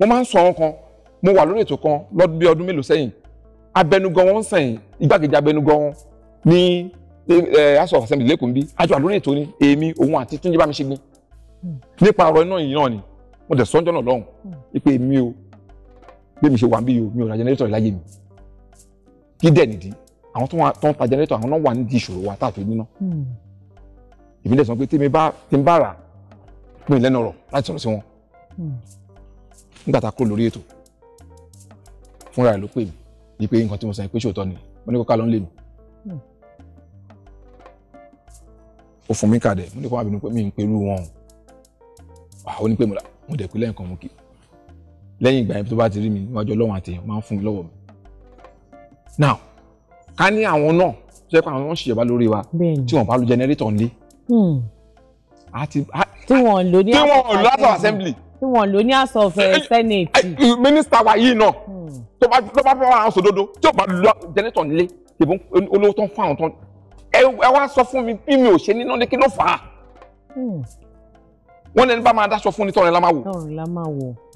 wọ́n máa ń sọ àwọn kan mo wà lórí ètò kan lọ́dún bí ọdún mélòó sẹ́yìn abẹnugan wọn sẹ́yìn igbákejì abẹnugan wọn ní aṣọ assembly lẹ́kùn bí àjọ àlórí ètò ni èmi òun àti túnjí bá mi ṣe gbin nípa ọ̀rọ̀ iná yìí náà ni mo tẹ̀ sọ́njọ́ náà lọ́hùn wípé mi ò bí mi ṣe wà bí mi ò ra jẹnẹrétọ̀ láyé mi kí dẹ̀ nìdí àwọn tó ń ta jẹnẹrétọ̀ àwọn náà wà nídìí ìṣòro wa táàfin níná ìbílẹ̀ sọ pé tí mi bá rà mí lẹ́nu ọ̀rọ̀ láti sọ̀rọ̀ sí wọn nígbà tá a kúrò lórí ètò fúnra rẹ̀ ló pè mí ní pé nǹkan tí mo sọ yẹn pé ṣòótọ́ ni mo ní kó ká lọ ń lè mí ó fún mi kàdẹ mo ní kó má bínú pé mi ń perú wọn o àwọn onípè mo dẹ̀ pé lẹ́yìn kan mo kì í lẹ́yìn ìgbà yẹn tó bá ti rí mi níwájú ọlọ́run àti èèyàn máa ń fún mi lọ́wọ́ mi now ká ní àwọn náà tó yẹ pé àwọn náà ṣèjọba lórí wa tí wọn bá lu jẹnẹrétọ̀ ńlé. tí wọn lò ní àwọn assembly tí wọ́n lò ní àṣọ ọ̀fẹ́ sẹ́nẹ̀tì. mínísítà wa yìí náà hmm. tó bá tó bá fọwọ́ àwọn sòdodo tí ó bá lọ jẹnẹtọ̀ nílé ìbọn olówó tó ń fún àwọn tó ń ẹ wá sọ fún mi bí mi ò ṣe níná ní kí ló fà á. Hmm. wọ́n lẹni bá máa dáṣọ fún ní tọrẹ la máa wò. tọrẹ la máa wò.